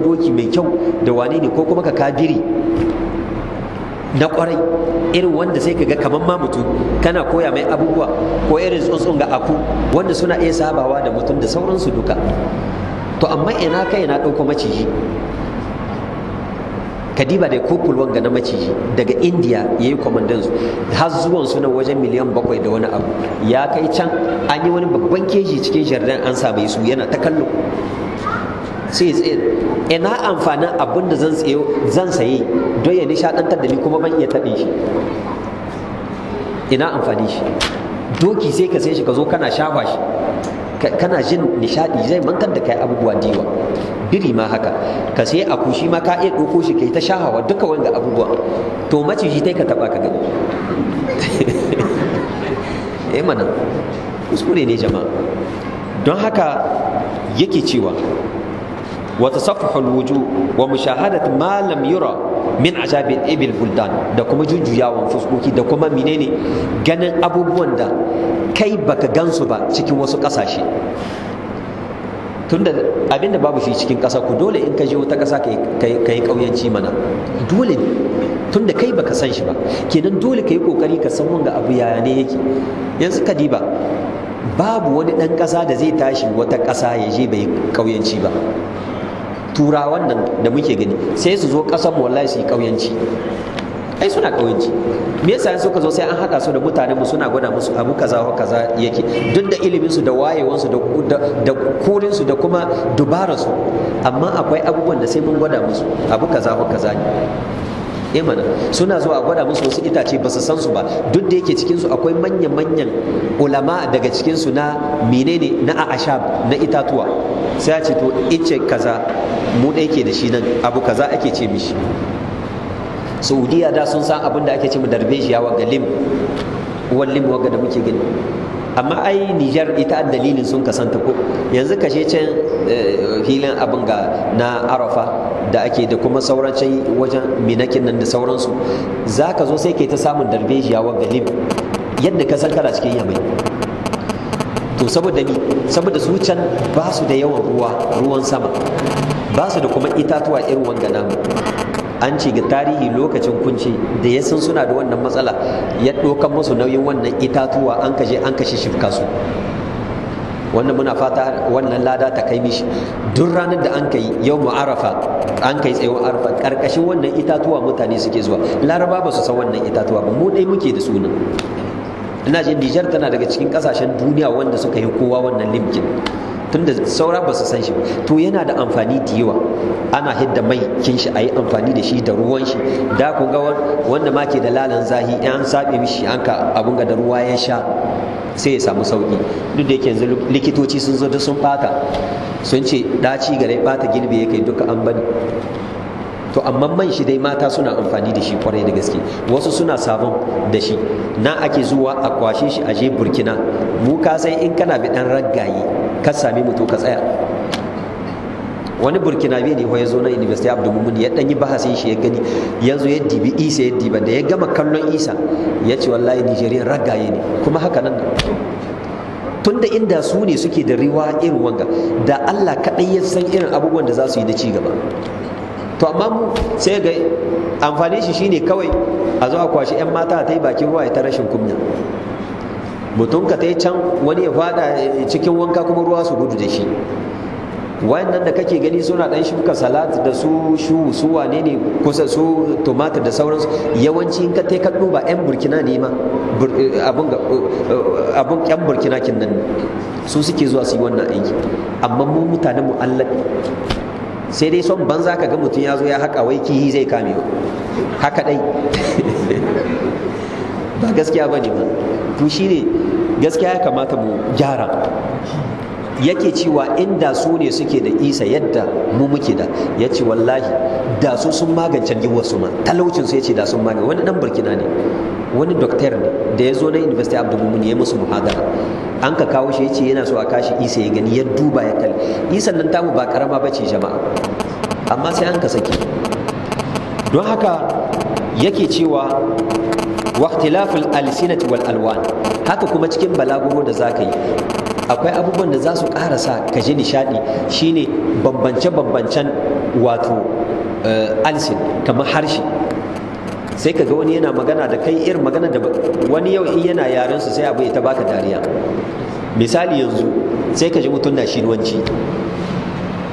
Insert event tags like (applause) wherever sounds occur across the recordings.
doki mai kyau da wane ne ko kuma ka kabiri na kwarai irin wanda sai ka ga kamar ma mutum kana koya mai abubuwa ko irin tsuntsun ga aku wanda suna iya sabawa da mutum da sauransu duka to amma ina kai yana ɗauko maciji kadiba da kukul wanga na maciji daga indiya ya yi kwamandansu har zuwan suna wajen miliyan bakwai da wani abu ya kai can an yi wani babban keji cikin jardin an mai su yana ta kallo sai ya tsaye ina amfanin abin da zan tsaye zan saye don ya nishadantar da ni kuma ban iya taɓe shi ina amfani shi doki sai ka sai shi ka zo kana shafa shi kana jin nishadi zai mantar da kai abubuwa diwa biri ma haka ka sai aku shi ma ka iya ɗauko shi kai ta shahawa duka wanga abubuwa to mace shi dai ka taba ka gani (laughs) eh mana kuskure ne jama'a don haka yake cewa وتصفح الوجوه ومشاهدة ما لم يرى من عجائب الإبل البلدان da kuma jujjuyawan fuskoki da kuma menene ganin abubuwan da kai baka gansu ba cikin wasu ƙasashe tunda abinda babu shi cikin ƙasa ku dole in ka je wata ƙasa ka yi ƙauyanci mana dole tunda kai baka san shi ba kenan dole ka yi ƙoƙari ka san wanga abu yaya ne yake yanzu ka diba babu wani ɗan ƙasa da zai tashi wata ƙasa ya je bai ƙauyanci ba turawan nan da muke gani sai su zo ƙasar wallahi su yi ƙauyanci ai suna ƙauyanci me yasa suka zo sai an haɗa su da mutane mu suna gwada musu abu kaza ko kaza yake duk da ilimin su da wayewansu su da da kurin su da kuma dubara su amma akwai abubuwan da sai mun gwada musu abu kaza ko kaza ne Imana eh suna zuwa gwada musu wasu itace ba su san su ba duk da yake cikin su akwai manyan manyan ulama daga cikin su na menene na a'ashab na itatuwa sai a ce to ice kaza mu ɗaya ke da shi nan abu kaza ake ce mishi saudiya da sun san abin da ake ce mu darbejiya wa galim wallin waga da muke gani amma ai Nijar ita a dalilin sun kasanta ko yanzu kashe can eh, filin abin ga na Arafa da ake da kuma sauran can wajen minakin nan da sauransu za ka zo sai ke ta samun darbejiya wa galib yadda ka san kana cikin yamai to saboda ni saboda su can ba su da yawan ruwa ruwan sama ba su da kuma itatuwa irin wangana an ce ga tarihi lokacin kunci da ya san suna da wannan matsala ya ɗokan musu nauyin wannan itatuwa an kashe an kashe shifka su wannan muna fata wannan lada ta kai mishi duk ranar da an kai yau arafa an kai tsayuwar arafa karkashin wannan itatuwa mutane suke zuwa laraba ba su san wannan itatuwa ba mu dai muke da sunan ina ce Nijar tana daga cikin kasashen duniya wanda suka yi kowa wannan limkin tunda saura ba su san shi to yana da amfani da yawa ana hidda mai kin shi ayi amfani da shi da ruwan shi da ku ga wanda ma ke da lalan zahi an sabe mishi an ka abun ga da ruwa ya sha sai ya samu sauki duk da yake yanzu likitoci sun zo da sun bata sun ce daci gare bata gilbe yake duka an bani to amma man shi dai mata suna amfani da shi kwarai da gaske wasu suna sabon da shi na ake zuwa a kwashe shi aje burkina mu ka sai in kana bi dan raggaye ka sami mu to ka tsaya wani burkina biyu ne ya zo na university abdu mumin ya dan yi bahasin shi ya gani ya ya dibi isa ya diba da ya gama kallon isa ya ce wallahi nigeria raggaye ne kuma haka nan tunda inda su ne suke da riwa irin wanga da allah kaɗai ya san irin abubuwan da za su yi na ci gaba to amma mu sai ga amfani shi shine kawai a zo a kwashi 'yan mata ta yi bakin ruwa ta rashin kunya mutum ka ta yi can wani ya fada cikin wanka kuma ruwa su gudu da shi wayannan da kake gani suna dan shuka salat da su shu su wane ne kusa su tumatir da sauransu yawanci in ka ta ka duba yan burkina ne ma eh, abun yan eh, burkina kin nan su suke zuwa su yi wannan aiki amma mu mutanen mu'allaq sai dai son banza ka ga mutum ya zo ya haƙa wai kihi zai kame haka dai (laughs) ba gaskiya ba ne ba to shi ne gaskiya ya kamata mu gyara yake cewa inda su ne suke da isa yadda mu muke da ya ce wallahi da su sun magance wasu ma talaucin su ya ce da sun magance wani dan burkina ne wani doktor ne da ya zo na university abdu mumun ya musu muhadara an ka kawo shi ya ce yana so a kashi isa ya gani ya duba ya kalli isan nan tamu ba karama ba ce jama'a amma sai an ka saki don haka yake cewa waktilaful alsinati wal alwan haka kuma cikin balaguro da zaka yi akwai abubuwan da za su karasa ka ji nishaɗi shine bambance-bambancen wato eh, alsin kamar harshe sai ka ga wani yana magana da kai irin magana da wani yau in yana yaren su sai abu ya ta baka dariya misali yanzu sai ka ji mutum na ruwanci.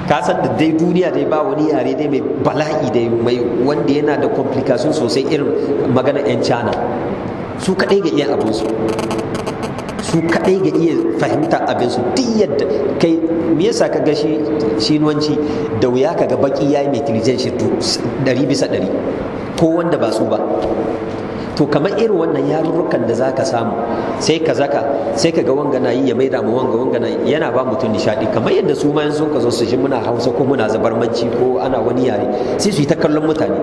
ka san da dai duniya dai ba wani yare dai mai bala'i dai mai wanda yana da complication sosai irin magana yan cana su kadai ga iya abin su su kadai ga iya fahimta abin su duk yadda kai me yasa ka ga shi shinuwanci da wuya ka ga baki yayi mai intelligence 100 bisa 100 ko wanda ba su ba to kamar irin wannan yarurrukan da zaka samu sai ka zaka sai ka ga wanga na yi ya maida mu wanga wanga na yana ba mutum nishadi kamar yadda su ma sun ka zo su ji muna Hausa ko muna zabarmanci ko ana wani yare sai su yi ta kallon mutane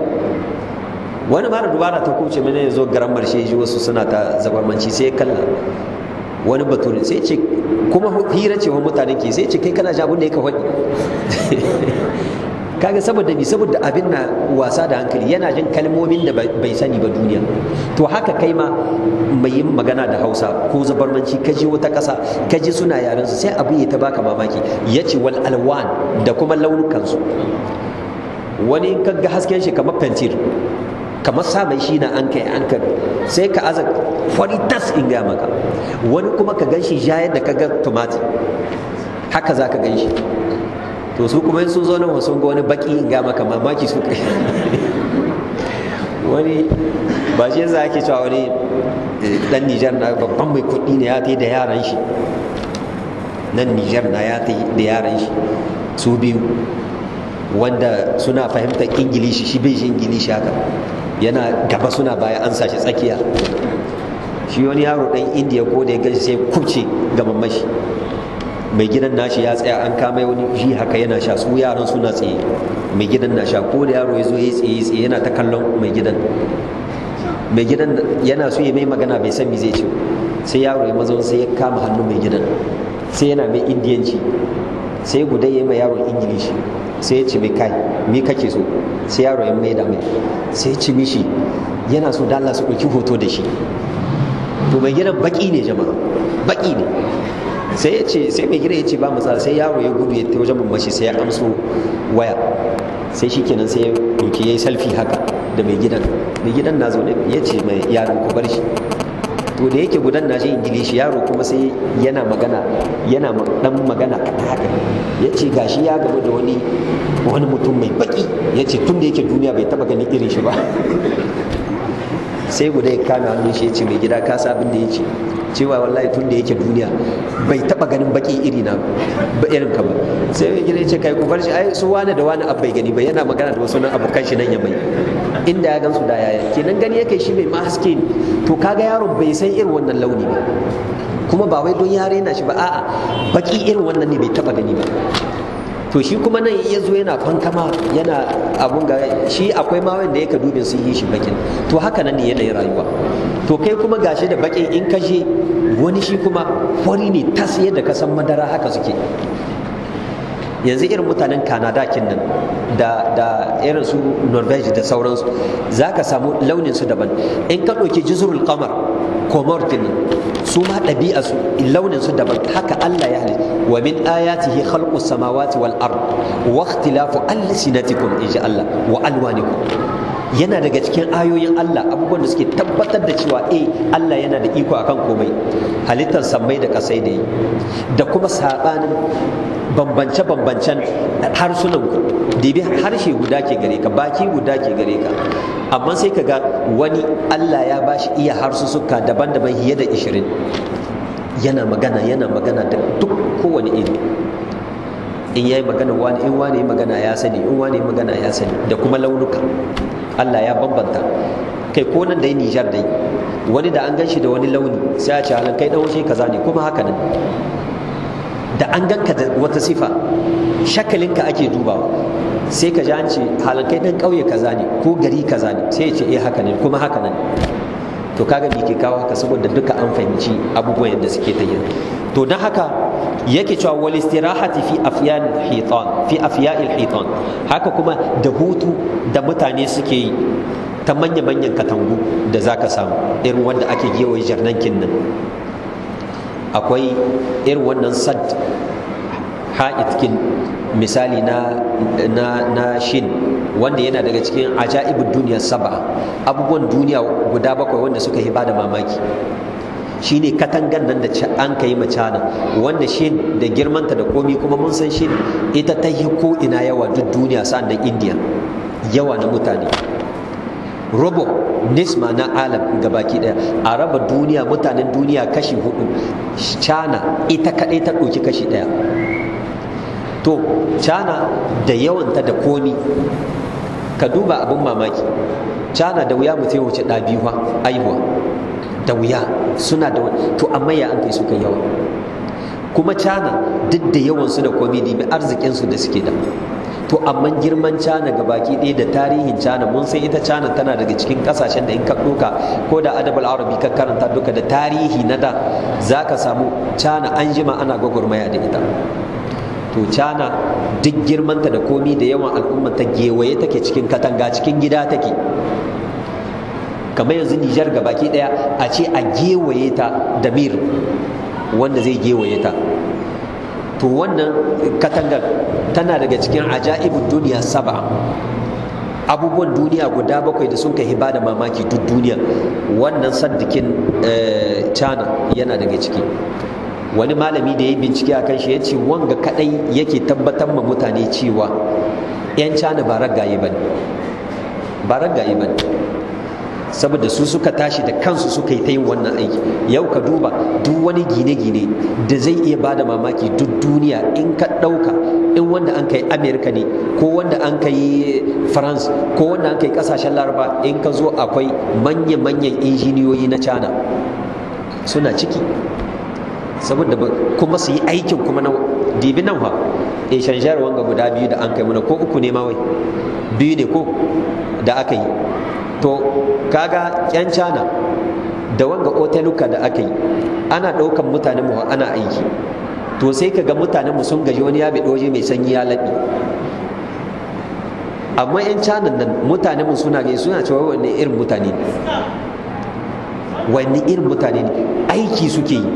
wani mara dubara ta kuce mene ya zo garan marshe ji wasu suna ta zabarmanci sai kalla wani bature sai ce kuma hira ce wa mutane ke sai ce kai kana ji abin da ya ka faɗi (laughs) kaga saboda bi saboda abin na wasa da hankali yana jin kalmomin da bai sani ba duniya to haka kai ma mai yin magana da hausa ko zabarmanci ka je wata ƙasa ka je suna yarensu sai abin ya ta baka mamaki ya ce wal alwan da kuma launukansu wani ka ga hasken shi kamar fentir kamar sa mai shi na an kai an ka sai ka aza fari tas in ga maka wani kuma ka gan shi da yadda ka ga tumatir haka za ka gan to su kuma sun zo nan wasu ga wani baki ga maka mamaki su kai wani ba shi yasa ake cewa wani eh, dan Nijar na babban mai kuɗi ne ya ta da yaran shi nan Nijar na ya ta da yaran shi su biyu wanda suna fahimtar ingilishi shi bai shi ingilishi haka yana gaba suna baya an sashi tsakiya shi wani yaro dan indiya ko da ya gaji sai kubce ga mamashi? mai gidan nashi ya tsaya an kama wani shi haka yana sha su yaran suna tsaye mai gidan na sha ko da yaro ya zo ya tsaye tsaye yana ta kallon mai gidan mai gidan yana so ya mai magana bai san me zai ce sai yaro ya mazo sai ya kama hannu mai gidan sai yana mai indiyanci sai guda ya yi mai yaro ingilishi sai ya ce mai kai me kake so sai yaro ya mai da mai sai ya ci mishi yana so da Allah su ɗauki hoto da shi to mai gidan baki ne jama'a baki ne sai ya ce sai mai gida ya ce ba matsala sai yaro ya gudu ya ta wajen bambashi sai ya amso waya sai shi kenan sai ya doki ya yi salfi haka da mai gidan mai gidan na zaune ya ce mai yaro ku bar shi to da yake gudan na shi ingilishi yaro kuma sai yana magana yana dan magana kaɗa haka ya ce gashi ya gaba da wani wani mutum mai baki ya ce tun da yake duniya bai taba ganin irin shi ba (laughs) sai guda ya kame hannun shi ya ce mai gida kasa abin da ya ce cewa wallahi tun da yake duniya bai taba ganin baki iri na ba irin ka ba sai mai ce kai ku bar shi ai su wani da wani abu gani ba yana magana da wasu nan abokan shi nan ya bai inda ya gansu da yaya kenan gani yake shi mai mahaske to kaga yaro bai san irin wannan launi ba kuma ba wai don yare na shi ba a'a baki irin wannan ne bai taba gani ba to shi kuma nan ya zo yana fankama yana abun ga shi akwai ma wanda yake dubin sun yi shi bakin to haka nan ne yanayin rayuwa to kai kuma gashi da bakin in je, wani shi kuma fari ne tas yadda ka san madara haka suke yanzu irin mutanen kanada kin nan da da irin su norvege da sauransu za ka samu launin su daban in ka ɗauki jizurul kamar komar nan su ma ɗabi'a su launin su daban haka Allah ya halitta wa min ayatihi khalqus samawati wal ard wa ikhtilafu alsinatikum inji Allah wa alwanikum yana daga cikin ayoyin Allah abubuwan da suke tabbatar da cewa eh Allah yana da iko akan komai halittar sammai da kasai da yi da kuma sabanin bambance-bambancen harsunan ku dibi harshe guda ke gare ka baki guda ke gare ka amma sai ka ga wani Allah ya bashi iya harsussuka daban-daban fiye da ishirin yana magana yana magana da duk kowane iri in yayi magana wani in wani magana ya sani in wani magana ya sani da kuma launuka Allah ya bambanta kai ko nan dai Nijar dai wani da an gan shi da wani launi sai a ce kai dan washe kaza ne kuma haka nan da an ganka da wata sifa shakalinka ake dubawa sai ka an ce halankai ɗan ƙauye kaza ne ko gari kaza ne sai ya ce eh haka ne kuma haka nan to kaga me ke kawo haka saboda duka an fahimci abubuwan yadda suke ta yi to don haka yake cewa wal istirahati fi afyan hitan fi afya'il hitan haka kuma da hutu da mutane suke yi ta manya-manyan katangu da zaka samu irin wanda ake gewaye jarnankin nan akwai irin wannan sad ha'itkin misali na shin wanda yana daga cikin ajaibin duniya saba abubuwan duniya guda bakwai wanda suka yi bada mamaki Shi ne katangan nan da an ka yi macana wanda shin da girmanta da komi kuma mun san shin ita ta yi ko ina yawa duk duniya sa'an indiya yawa na mutane rubu nisma na alam gabaki daya a raba duniya mutanen duniya kashi hudu china ita kadai ta ɗauki kashi daya to china da yawanta da komi ka duba abin mamaki china da wuya mutum wuce ɗabiwa aihuwa da wuya suna da to amma ya an kai su yawa kuma china duk da yawansu da komi ne arzikinsu da suke da to amma girman cana ga baki ɗaya da tarihin cana mun san ita cana tana daga cikin ƙasashen da in ka ɗauka ko da adabul arabi ka karanta duka da tarihi na da za ka samu cana an jima ana gwagwarmaya da ita to cana duk girmanta da komi da yawan al'umma ta gewaye take cikin katanga cikin gida take kamar yanzu nijar ga baki ɗaya a ce a gewaye ta da mir wanda zai gewaye ta to wannan katangar tana daga cikin aja'ibun duniya saba abubuwan duniya guda bakwai da sun kai hiba da mamaki duk duniya wannan sandikin eh, cana yana daga ciki wani malami da ya yi bincike a kan shi ya ce wanga kadai yake tabbatar ma mutane cewa 'yan cana ba ragaye ba ne ba ragaye ba ne saboda su suka tashi da kansu suka yi ta yin wannan aiki yau ka duba duk wani gine-gine da zai iya ba da mamaki duk duniya in ka ɗauka in wanda an kai amerika ne ko wanda an kai france ko wanda an kai kasashen laraba in ka zo akwai manya-manyan injiniyoyi na china suna ciki saboda kuma su yi aikin kuma na dibi nan ha in eh, shanjar wanga guda biyu da an kai muna ko uku ne mawai biyu ne ko da aka yi to kaga yan china da wanga otenuka da aka yi ana ɗaukan mutane mu ana aiki to sai ka ga mutanen mu sun gaji wani ya bi doje mai sanyi ya laɓi amma yan canan nan mutanen mu suna gaji suna cewa wani irin mutane ne wani irin mutane ne aiki suke yi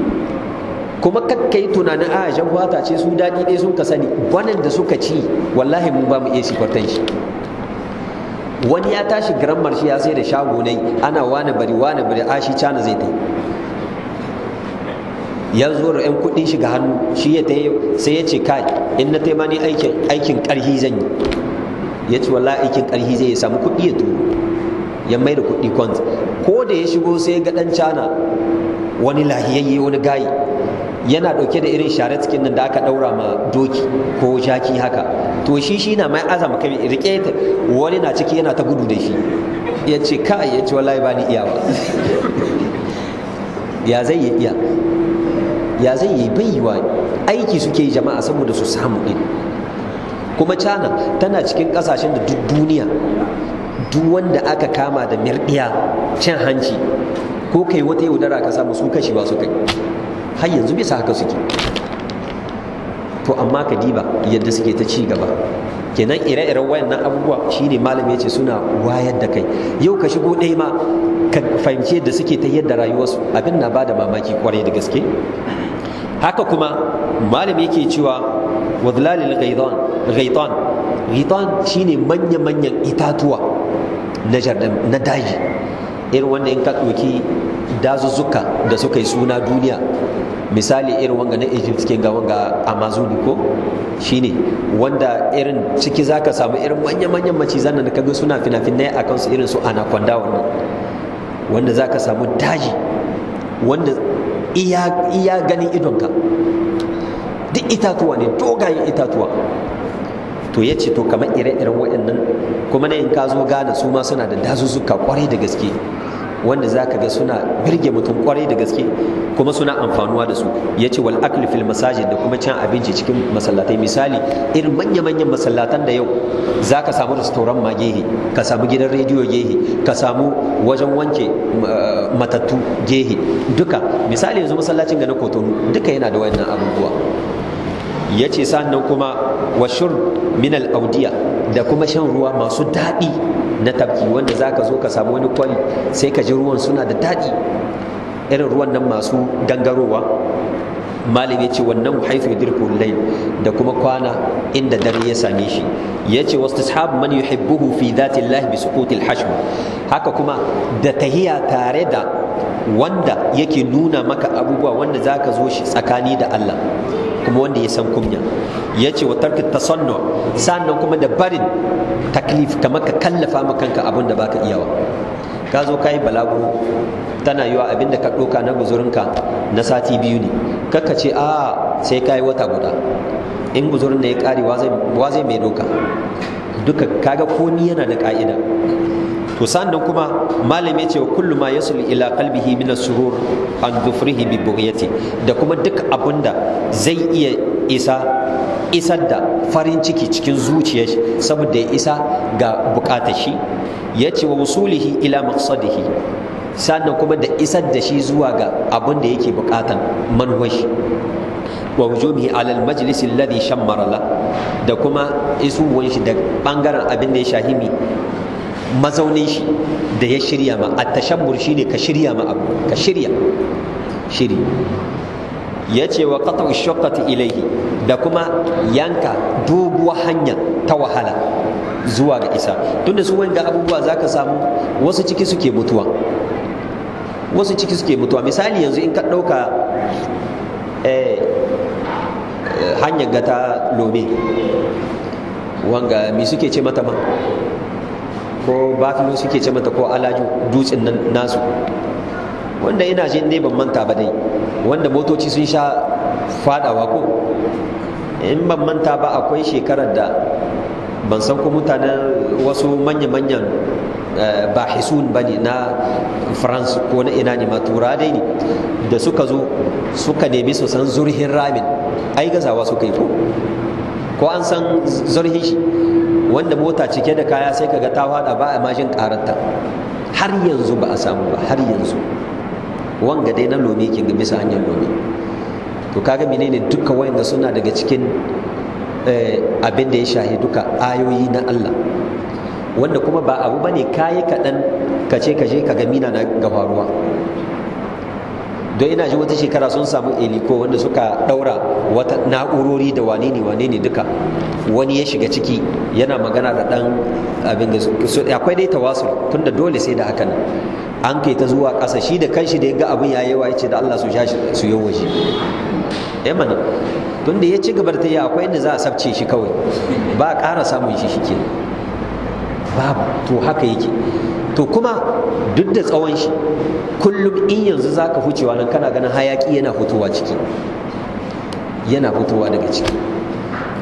kuma yi tunanin a yajen fata ce su daɗi ɗaya sun ka sani wannan da suka ci wallahi mun ba mu iya sikwartan shi wani ya tashi garan shi ya sai da shago nai ana wani bari wani bari a shi cana zai yi. ya zo da 'yan kuɗin shiga hannu shi ya ta sai ya ce kai in na taima ni aikin karhi ƙarhi zan yi ya ce wallahi aikin ƙarhi zai ya samu kuɗi ya turo ya mai da kuɗi kwanz ko da ya shigo sai ga ɗan cana wani lahiyayye wani gayi yana ɗauke da irin share cikin nan da aka ɗaura ma doki ko jaki haka to shi shi na mai azama kai rike ta wani na ciki yana ta gudu da shi ya ce kai ya ce wallahi bani ni iyawa (laughs) ya zai iya ya zai yi baiwa aiki suke jama'a saboda su samu din kuma cana tana cikin ƙasashen da duk duniya duk wanda aka kama da mirdiya cin hanci ko kai wata yaudara ka samu su kashi ba su kai har yanzu bisa haka suke to amma ka diba yadda suke ta ci gaba kenan ire-iren wayannan abubuwa shine malami yace suna wayar da kai yau ka shigo ɗaya ma ka fahimci yadda suke ta yadda rayuwarsu abin na bada mamaki kwarai da gaske haka kuma malami yake cewa wadlalil ghaitan ghaitan ghaitan shine manya-manyan itatuwa na jardin na daji irin wanda in ka ɗauki dazuzzuka da suka yi suna duniya misali irin wanga na egypt ke ga wanga amazon ko shine wanda irin ciki zaka samu irin manya-manyan macizan da kaga suna fina-finai a kansu irin su anaconda wannan wanda zaka samu daji wanda iya iya ganin idonka duk itatuwa ne dogayen itatuwa to ya ce to kamar ire-iren waɗannan kuma ne in ka zo gane su ma suna da dazuzzuka kwarai da gaske wanda za ka ga suna birge mutum kwarai da gaske kuma suna amfanuwa da su ya ce wal akli fil masajid da kuma cin abinci cikin masallatai misali irin manya-manyan masallatan da yau za ka samu restoran ma gehe ka samu gidan rediyo gehe ka samu wajen wanke eh, matattu gehe duka misali yanzu masallacin gana kotonu duka yana da wayannan abubuwa ya ce sannan kuma washur min al-audiya da kuma shan ruwa masu daɗi na tafki wanda za ka zo ka samu wani kwari sai ka ji ruwan suna da daɗi irin ruwan nan masu gangarowa ya ce wannan haifu yadirku lai da kuma kwana inda dare ya same shi Ya ce yace mani man buhu fi dhati lahi bi suquti hashu haka kuma da tahiya tare da wanda yake nuna maka abubuwa wanda za ka zo shi tsakani da Allah kuma wanda ya san kunya ya ce wa tarki tasannu sannan kuma da barin taklif kamar ka kallafa ma kanka abin da baka iyawa ka zo ka yi balagu tana yiwa abin da ka ɗoka na guzurinka na sati biyu ne kakka ce a sai ka yi wata guda in guzurin da ya ƙare wa zai mai doka duka kaga komi yana da ƙa'ida to sannan kuma malam ya ce wa kullu ma yasul ila qalbihi min surur an dhufrihi bi bughyati da kuma duk da zai iya isa isar da farin ciki cikin zuciyar shi saboda ya isa ga bukatar shi ya ce wa wusulihi ila maqsadihi sannan kuma da isar da shi zuwa ga abin da yake bukatan manuwar shi wa wujubi alal majlis alladhi shammara la da kuma isuwan shi da bangaren abin da ya shahimi mazaunin shi da ya shirya ma a tashabbur shi ne ka shirya ma abu ka shirya shiri ya ce wa kata ushokata ilaihi da kuma yanka doguwa hanya ta wahala zuwa ga isa tunda su wanda abubuwa za ka samu wasu ciki suke mutuwa wasu ciki suke mutuwa misali yanzu in ka ɗauka eh, hanyar gata lome wanga mi suke ce mata ma ko batulu suke ce mata ko alaju dutsen nan nasu wanda ina jin ne ban manta ba dai wanda motoci sun sha fadawa ko in ban manta ba akwai shekarar da ban san ko mutanen wasu manya-manyan eh, bahisun ba ne na france ko na ina ne matura dai ne da suka zo suka nemi su san zurhin ramin ai gazawa suka yi ko ko an san zurhin shi wanda mota cike da kaya sai kaga ta fada ba a mashin karanta har yanzu ba a samu ba har yanzu wanga dai na lomi kin ga bisa hanyar lomi to kaga menene duka wayanda suna daga cikin eh, abin da ya shahi duka ayoyi na Allah wanda kuma ba abu bane kayi kaɗan kace kaje ka ga mina na ga faruwa don ina ji wata shekara sun samu eliko wanda suka daura wata na'urori da wane ne wane ne duka wani ya shiga ciki yana magana da dan abin da akwai dai tawasul tunda dole sai da haka nan an kai ta zuwa ƙasa shi da kanshi da ya ga abin yayi wa yace da Allah su sha su yi waje eh mana tunda ya ci gabar ta yi akwai inda za a sabce shi kawai ba a ƙara samun shi ke babu to haka yake to kuma duk da tsawon shi kullum in yanzu za ka hucewa nan kana ganin hayaƙi yana fitowa ciki yana fitowa daga ciki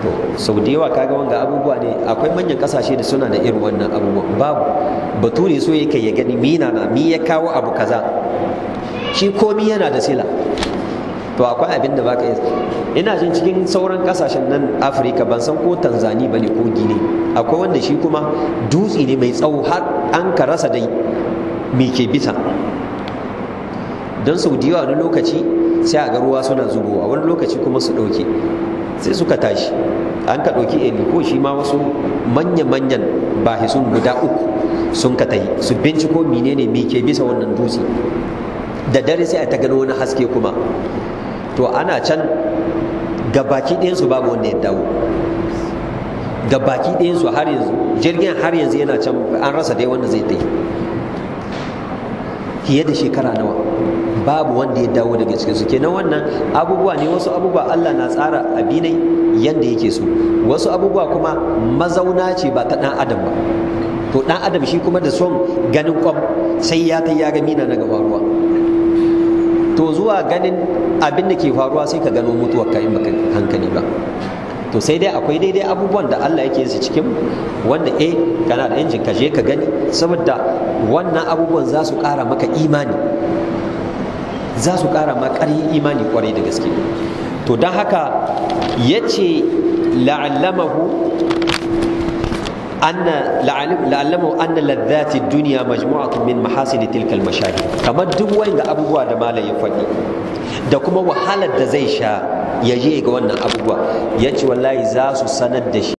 to sau da yawa kaga wanga abubuwa ne akwai manyan kasashe da suna da irin wannan abubuwa babu ne so yake ya gani mina na mi ya kawo abu kaza shi komi yana da sila to akwai abin da baka yi ina jin cikin sauran kasashen nan afirka ban san ko tanzani ba ne ko gine akwai wanda shi kuma dutse ne mai tsawo har an ka rasa dai me ke bisa don sau da wani lokaci sai a ga ruwa suna zubowa wani lokaci kuma su ɗauke sai suka tashi an ka ɗauki ko shi ma wasu manya-manyan sun guda uku sun ka tahi su binciko menene me ke bisa wannan dutse da dare sai a ta gano wani haske kuma to ana can gabaki ɗayansu babu wanda ya dawo gabaki ɗayansu har yanzu jirgin har yanzu yana can an rasa dai wanda zai tafi fiye da shekara nawa babu wanda ya dawo daga cikinsu kenan wannan abubuwa ne wasu abubuwa Allah na tsara abinai yadda yake so wasu abubuwa kuma mazauna ce ba ta dan adam ba to dan adam shi kuma da son ganin kwam sai ya ta ya ga mina na gaba to zuwa ganin abin da ke faruwa sai ka gano mutuwar ka in baka hankali ba to sai dai akwai daidai abubuwan da Allah yake su cikin wanda eh kana da injin ka je ka gani saboda wannan abubuwan za su ƙara maka imani za su ƙara maka ƙarfin imani kwarai da gaske to don haka ya ce la'allamahu anna la'allamahu anna ladhati dunya majmu'atun min mahasini tilkal al-mashahid kamar duk da abubuwa da malam ya faɗi da kuma wahalar da zai sha ya je ga wannan abubuwa ya ce wallahi za su sanar da shi